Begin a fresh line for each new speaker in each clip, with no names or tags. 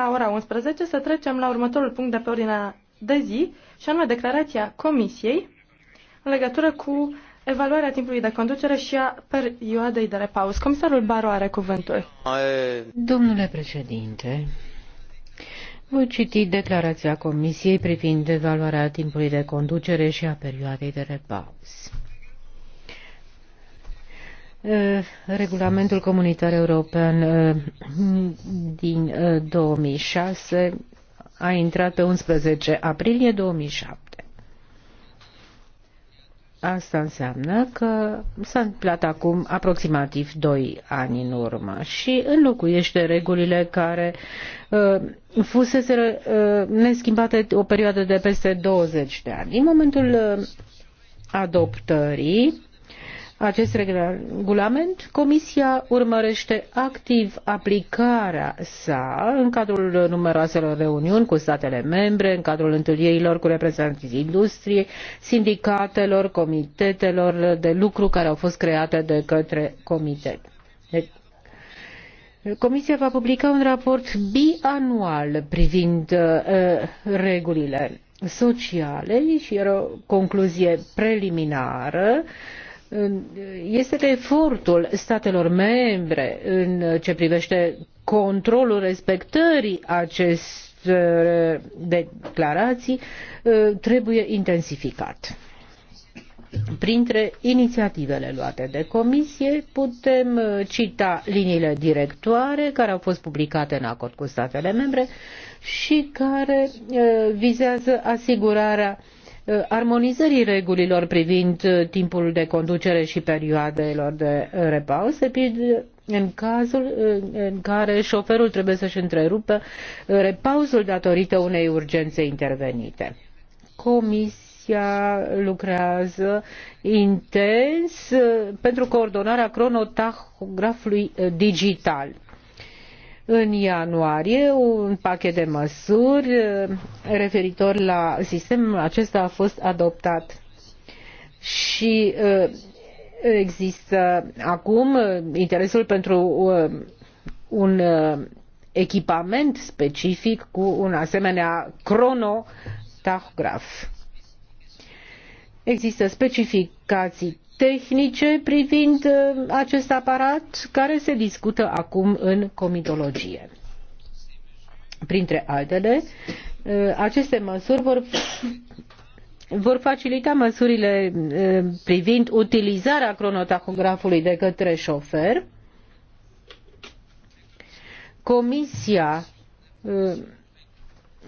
la ora 11 să trecem la următorul punct de pe ordinea de zi, și anume declarația Comisiei în legătură cu evaluarea timpului de conducere și a perioadei de repaus. Comisarul Baro are cuvântul.
Domnule președinte, voi citi declarația Comisiei privind evaluarea timpului de conducere și a perioadei de repaus. Eh, Regulamentul comunitar european eh, din 2006 eh, a intrat pe 11 aprilie 2007. Asta înseamnă că s-a întâmplat acum aproximativ 2 ani în urmă și înlocuiește regulile care uh, fusese uh, neschimbate o perioadă de peste 20 de ani. În momentul uh, adoptării, acest regulament, Comisia urmărește activ aplicarea sa în cadrul numeroaselor reuniuni cu statele membre, în cadrul întâlnirilor cu reprezentanții industriei, sindicatelor, comitetelor de lucru care au fost create de către comitet. Deci, Comisia va publica un raport bianual privind uh, uh regulile sociale și o concluzie preliminară uh, este că efortul statelor membre în ce privește controlul respectării acestor uh, declarații uh, trebuie intensificat. Printre inițiativele luate de comisie putem uh, cita liniile directoare care au fost publicate în acord cu statele membre și care vizează asigurarea uh, Uh, armonizării regulilor privind uh, timpul de conducere și perioadelor de uh, repaus, în cazul în care șoferul trebuie să-și întrerupă repausul datorită unei urgențe intervenite. Comisia lucrează intens pentru coordonarea cronotahografului digital în ianuarie un pachet de măsuri eh, referitor la sistem acesta a fost adoptat și eh, există acum eh, interesul pentru un echipament specific cu un asemenea cronotachograf. Există specificații tehnice privind uh, acest aparat care se discută acum în comitologie. Printre altele, uh, aceste măsuri vor vor facilita măsurile uh, privind utilizarea cronotahografului de către șofer. Comisia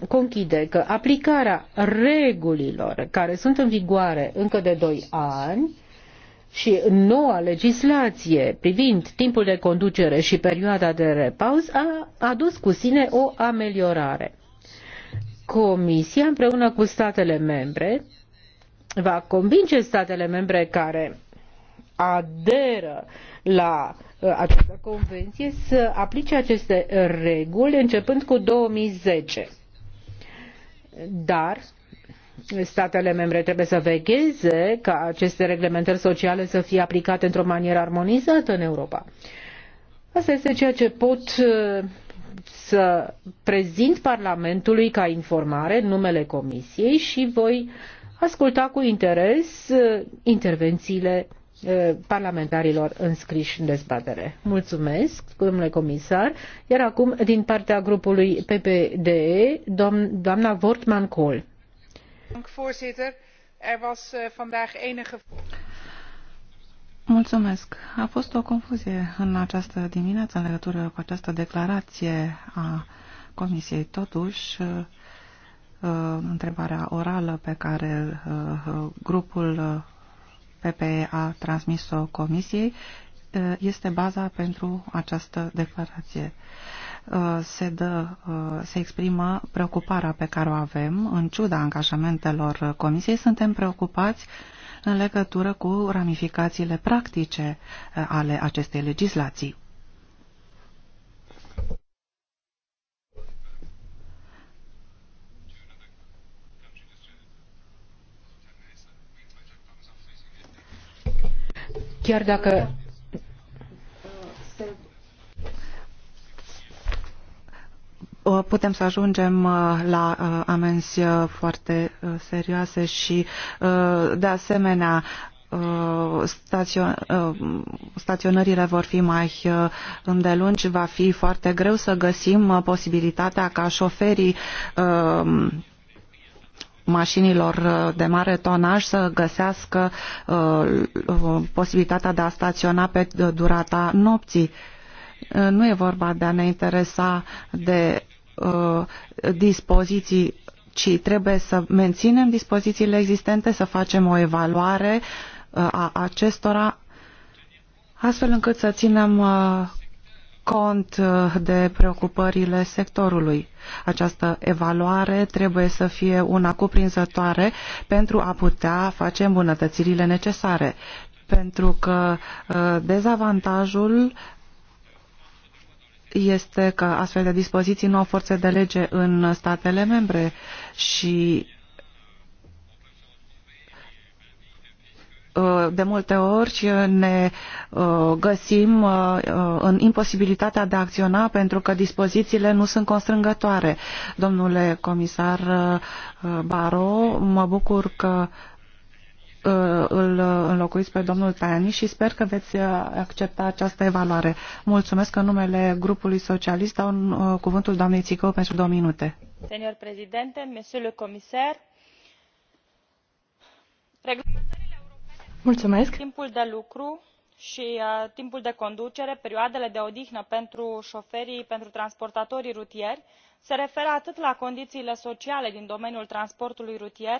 conchide că aplicarea regulilor care sunt în vigoare încă de 2 ani și noua legislație privind timpul de conducere și perioada de repaus a adus cu sine o ameliorare. Comisia împreună cu statele membre va convinge statele membre care aderă la uh, această convenție să aplice aceste reguli începând cu 2010. Dar statele membre trebuie să vegheze ca aceste reglementări sociale să fie aplicate într-o manieră armonizată în Europa. Asta este ceea ce pot uh, să prezint Parlamentului ca informare în numele Comisiei și voi asculta cu interes uh, intervențiile uh, parlamentarilor înscriși în dezbatere. Mulțumesc, domnule comisar. Iar acum, din partea grupului PPDE, doamna Wortman Kohl.
Er
eh, Mulțumesc. A fost o
confuzie în această dimineață în legătură cu această declarație a Comisiei. Totuși, eh, eh, întrebarea orală pe care grupul PPE a transmis-o Comisiei este baza pentru această declarație. Uh, se, dă, uh, se exprimă preocuparea pe care o avem. În ciuda angajamentelor Comisiei, suntem preocupați în legătură cu ramificațiile practice uh, ale acestei legislații.
Chiar dacă Uh,
putem să ajungem uh, la uh, amenzi foarte serioase și, de asemenea, staționările vor fi mai îndelungi, va fi foarte greu să găsim posibilitatea ca șoferii mașinilor de mare tonaj să găsească posibilitatea de a staționa pe durata nopții. Nu e vorba de a ne interesa de Uh, dispoziții, ci trebuie să menținem dispozițiile existente, să facem o evaluare uh, a acestora, astfel încât să ținem uh, cont de preocupările sectorului. Această evaluare trebuie să fie una cuprinzătoare pentru a putea face îmbunătățirile necesare pentru că dezavantajul este că astfel de dispoziții nu au forțe de lege în statele membre și uh, de multe ori ne uh, găsim uh, în imposibilitatea de a acționa pentru că dispozițiile nu sunt constrângătoare. Domnule comisar Baro, mă bucur că Uh, îl uh, înlocuiți pe domnul Tani și sper că veți uh, accepta această evaluare. Mulțumesc în numele grupului socialist. Dau cuvântul doamnei Țicău pentru două minute.
Senior președinte, monsieur comisar, reglementările
europene
timpul de lucru și uh, timpul de conducere perioadele de odihnă pentru șoferii pentru transportatorii rutieri se referă atât la condițiile sociale din domeniul transportului rutier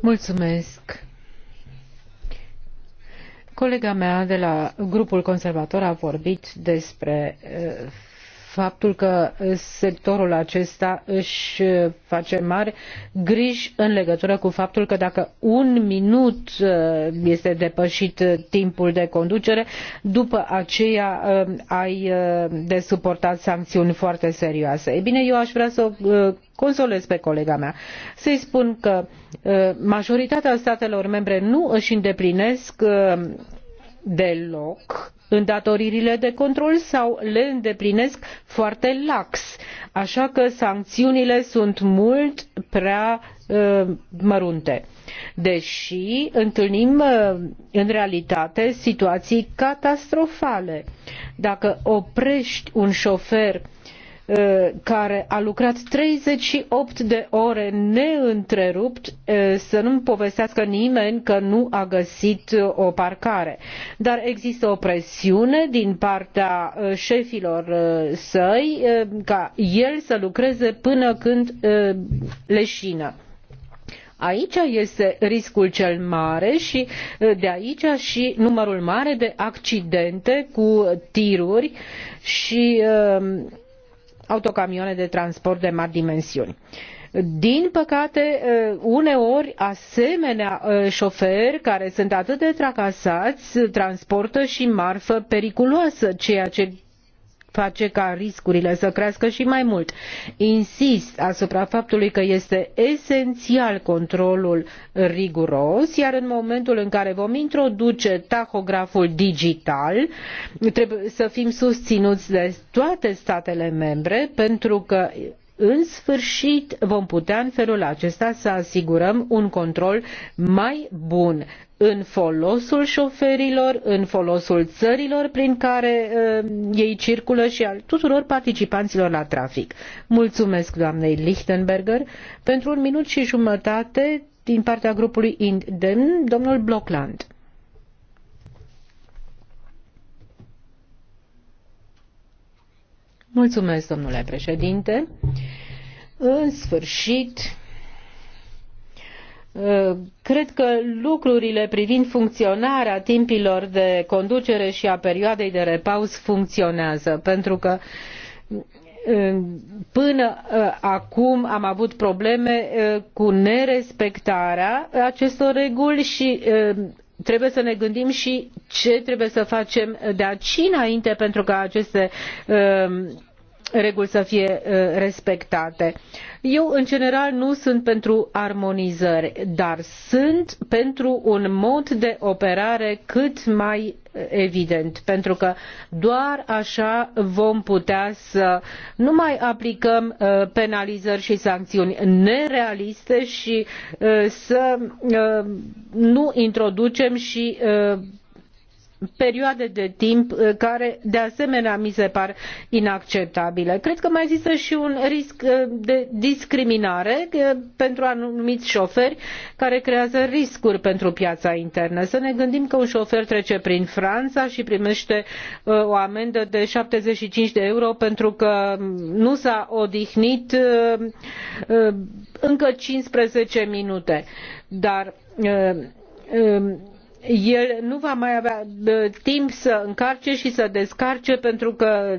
Mulțumesc. Colega mea de la grupul conservator a vorbit despre eh, faptul că sectorul acesta își face mari griji în legătură cu faptul că dacă un minut uh, este depășit uh, timpul de conducere, după aceea uh, ai de suportat sancțiuni foarte serioase. Ei bine, eu aș vrea să o consolez pe colega mea, să-i spun că majoritatea statelor membre nu își îndeplinesc deloc îndatoririle de control sau le îndeplinesc foarte lax. Așa că sancțiunile sunt mult prea uh, mărunte. Deși întâlnim uh, în realitate situații catastrofale. Dacă oprești un șofer Uh, care a lucrat 38 de ore neîntrerupt, uh, să nu-mi povestească nimeni că nu a găsit o parcare. Dar există o presiune din partea uh, șefilor săi ca el să lucreze până când leșină. Aici este riscul cel mare și de aici și numărul mare de accidente cu tiruri și uh, autocamioane de transport de mari dimensiuni. Din păcate, uh, uneori asemenea uh, șoferi care sunt atât de tracasați transportă și marfă periculoasă, ceea ce face ca riscurile să crească și mai mult. Insist asupra faptului că este esențial controlul riguros, iar în momentul în care vom introduce tahograful digital, trebuie să fim susținuți de toate statele membre, pentru că în sfârșit vom putea în felul acesta să asigurăm un control mai bun în folosul șoferilor, în folosul țărilor prin care uh, ei circulă și al tuturor participanților la trafic. Mulțumesc doamnei Lichtenberger pentru un minut și jumătate din partea grupului Indem, domnul Blockland. Mulțumesc, domnule președinte. În sfârșit, uh, cred că lucrurile privind funcționarea timpilor de conducere și a perioadei de repaus funcționează, pentru că uh, până uh, acum am avut probleme cu nerespectarea acestor reguli și trebuie să ne gândim și ce trebuie să facem de aici înainte pentru ca aceste uh, reguli să fie uh, respectate. Eu, în general, nu sunt pentru armonizări, dar sunt pentru un mod de operare cât mai uh, evident, pentru că doar așa vom putea să nu mai aplicăm uh, penalizări și sancțiuni nerealiste și să nu introducem și perioade de timp uh, care de asemenea mi se par inacceptabile. Cred că mai există și un risc uh, de discriminare uh, pentru anumiți șoferi care creează riscuri pentru piața internă. Să ne gândim că un șofer trece prin Franța și primește o amendă de 75 de euro pentru că nu s-a odihnit încă 15 minute. Dar um, el nu va mai avea uh, timp să încarce și să descarce pentru că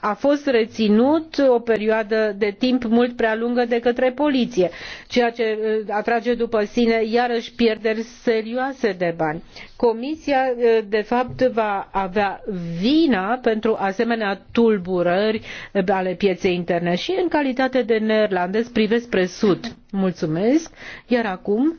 a fost reținut o perioadă de timp mult prea lungă de către poliție, ceea ce uh, atrage după sine iarăși pierderi serioase de bani. Comisia, uh, de fapt, va avea vina pentru asemenea tulburări ale pieței interne și în calitate de neerlandez privesc presud. Mulțumesc, iar acum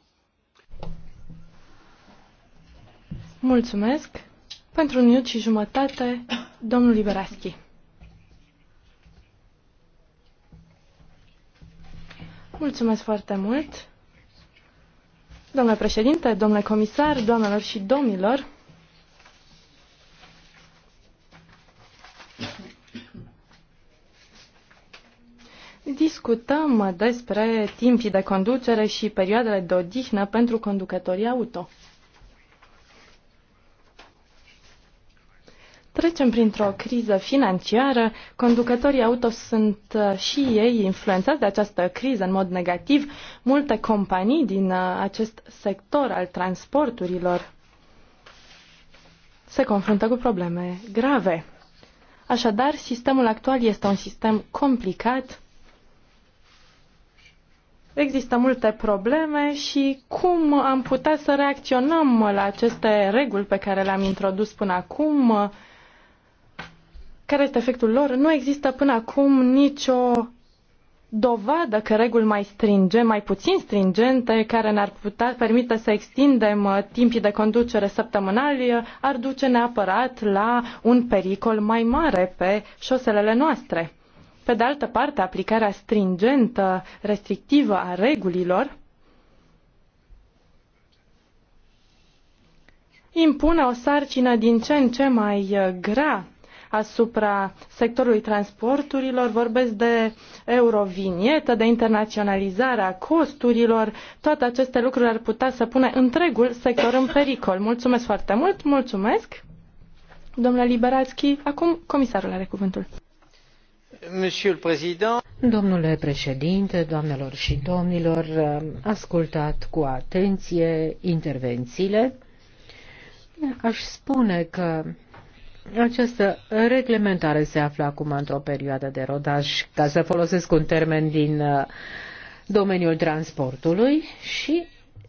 Mulțumesc. Pentru un minut și jumătate, domnul Liberaschi. Mulțumesc foarte mult. Domnule președinte, domnule comisar, doamnelor și domnilor, discutăm despre timpii de conducere și perioadele de odihnă pentru conducătorii auto. Trecem printr-o criză financiară, conducătorii auto sunt uh, și ei influențați de această criză în mod negativ, multe companii din uh, acest sector al transporturilor se confruntă cu probleme grave. Așadar, sistemul actual este un sistem complicat, Există multe probleme și cum am putea să reacționăm la aceste reguli pe care le-am introdus până acum, care este efectul lor, nu există până acum nicio dovadă că reguli mai stringente, mai puțin stringente, care ne-ar putea permite să extindem uh, timpii de conducere săptămânali, uh, ar duce neapărat la un pericol mai mare pe șoselele noastre. Pe de altă parte, aplicarea stringentă, restrictivă a regulilor impune o sarcină din ce în ce mai uh, grea asupra sectorului transporturilor, vorbesc de eurovinietă, de internaționalizarea costurilor, toate aceste lucruri ar putea să pune întregul sector în pericol. Mulțumesc foarte mult, mulțumesc. Domnule Liberațchi, acum comisarul are cuvântul.
Domnule președinte, doamnelor și domnilor, ascultat cu atenție intervențiile. Aș spune că această reglementare se află acum într-o perioadă de rodaj, ca să folosesc un termen din uh, domeniul transportului și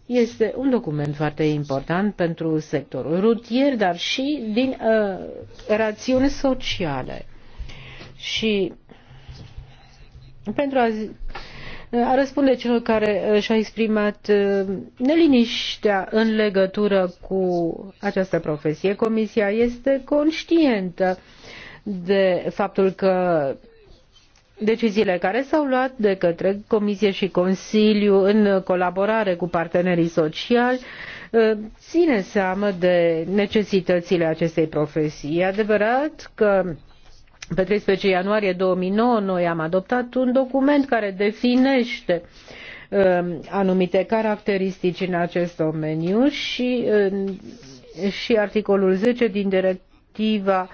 este un document foarte important pentru sectorul rutier, dar și din uh, rațiuni sociale. Și pentru a a răspunde celor care uh, și-a exprimat uh, neliniștea în legătură cu această profesie. Comisia este conștientă de faptul că deciziile care s-au luat de către Comisie și Consiliu în colaborare cu partenerii sociali uh, ține seamă de necesitățile acestei profesii. E adevărat că pe 13 ianuarie 2009 noi am adoptat un document care definește um, anumite caracteristici în acest domeniu și, um, și articolul 10 din directiva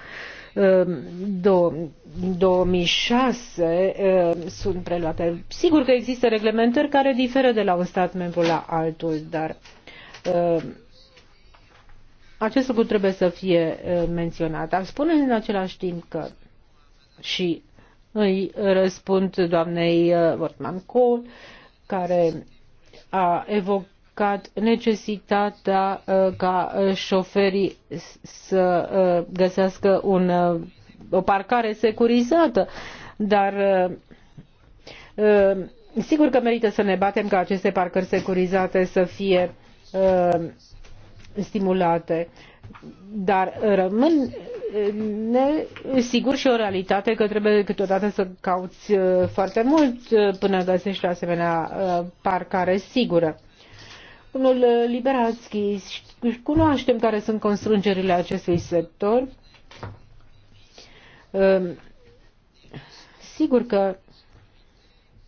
2006 um, sunt preluate. Sigur că există reglementări care diferă de la un stat membru la altul, dar acest lucru trebuie să fie uh, menționat. Am spune în același timp că și îi răspund doamnei uh, Wortman Cole, care a evocat necesitatea uh, ca uh, șoferii să găsească un, o parcare securizată, dar sigur că merită să ne batem ca aceste parcări securizate să fie stimulate dar rămân ne sigur și o realitate că trebuie câteodată să cauți uh, foarte mult uh, până găsești o asemenea uh, parcare sigură. Domnul Liberatski, cunoaștem care sunt constrângerile acestui sector. Um, sigur că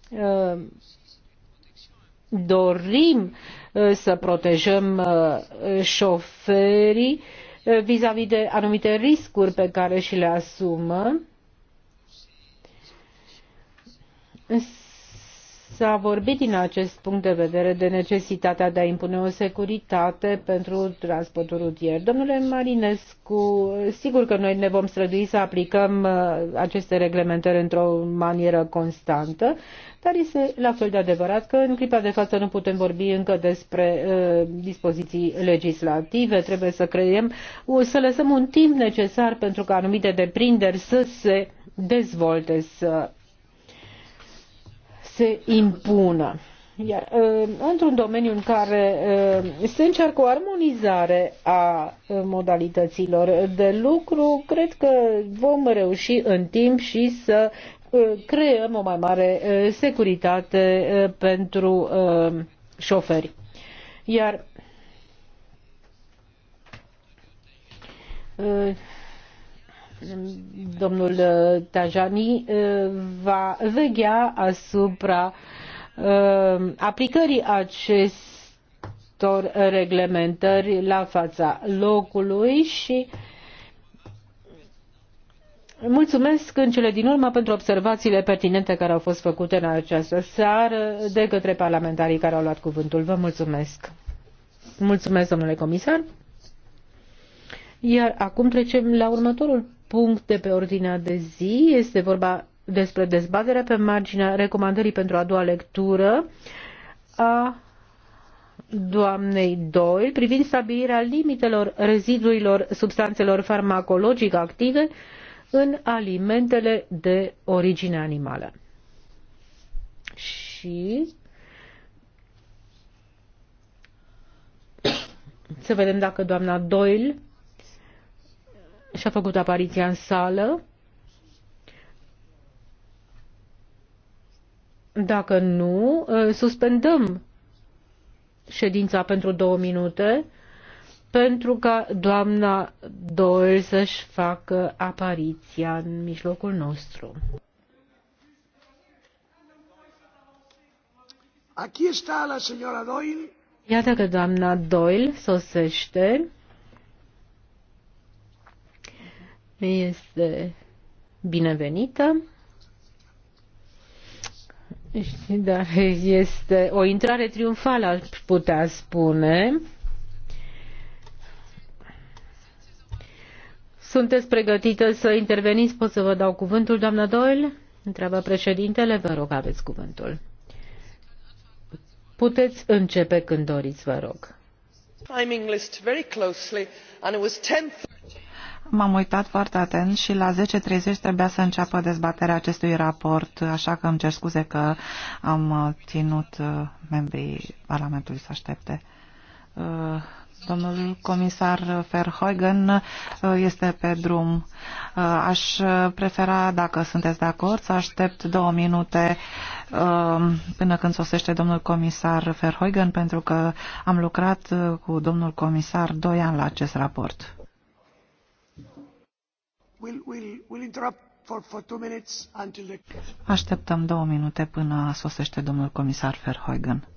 um, dorim să protejăm șoferii vis-a-vis de anumite riscuri pe care și le asumă S-a vorbit din acest punct de vedere de necesitatea de a impune o securitate pentru transportul rutier. Domnule Marinescu, sigur că noi ne vom strădui să aplicăm uh, aceste reglementări într-o manieră constantă, dar este la fel de adevărat că în clipa de față nu putem vorbi încă despre uh, dispoziții legislative, trebuie să creiem, să lăsăm un timp necesar pentru ca anumite deprinderi să se dezvolte, să se impună. Iar ă, într-un domeniu în care ă, se încearcă o armonizare a ă, modalităților de lucru, cred că vom reuși în timp și să creăm o mai mare securitate pentru șoferi. Iar Domnul uh, Tajani uh, va veghea asupra uh, aplicării acestor reglementări la fața locului și Mulțumesc în cele din urmă pentru observațiile pertinente care au fost făcute în această seară de către parlamentarii care au luat cuvântul. Vă mulțumesc. Mulțumesc, domnule comisar. Iar acum trecem la următorul punct de pe ordinea de zi. Este vorba despre dezbaterea pe marginea recomandării pentru a doua lectură a doamnei Doyle privind stabilirea limitelor reziduilor substanțelor farmacologic active în alimentele de origine animală. Și să vedem dacă doamna Doyle și-a făcut apariția în sală. Dacă nu, uh, suspendăm ședința pentru două minute pentru ca doamna Doyle să-și facă apariția în mijlocul nostru.
Aici
este la señora Doyle.
Iată că doamna Doyle sosește. este binevenită, dar este o intrare triumfală, aș putea spune. Sunteți pregătită să interveniți? Pot să vă dau cuvântul, doamna Doyle? Întreabă președintele, vă rog, aveți cuvântul. Puteți începe când doriți, vă rog.
Timing list very closely and it was 10
M-am uitat foarte atent și la 10.30 trebuia să înceapă dezbaterea acestui raport, așa că îmi cer scuze că am uh, ținut uh, membrii Parlamentului să aștepte. Uh, domnul comisar Verheugen este pe drum. Aș prefera, dacă sunteți de acord, să aștept două minute până când sosește domnul comisar Verheugen, pentru că am lucrat cu domnul comisar doi ani la acest raport. Așteptăm două minute până sosește domnul comisar Verheugen.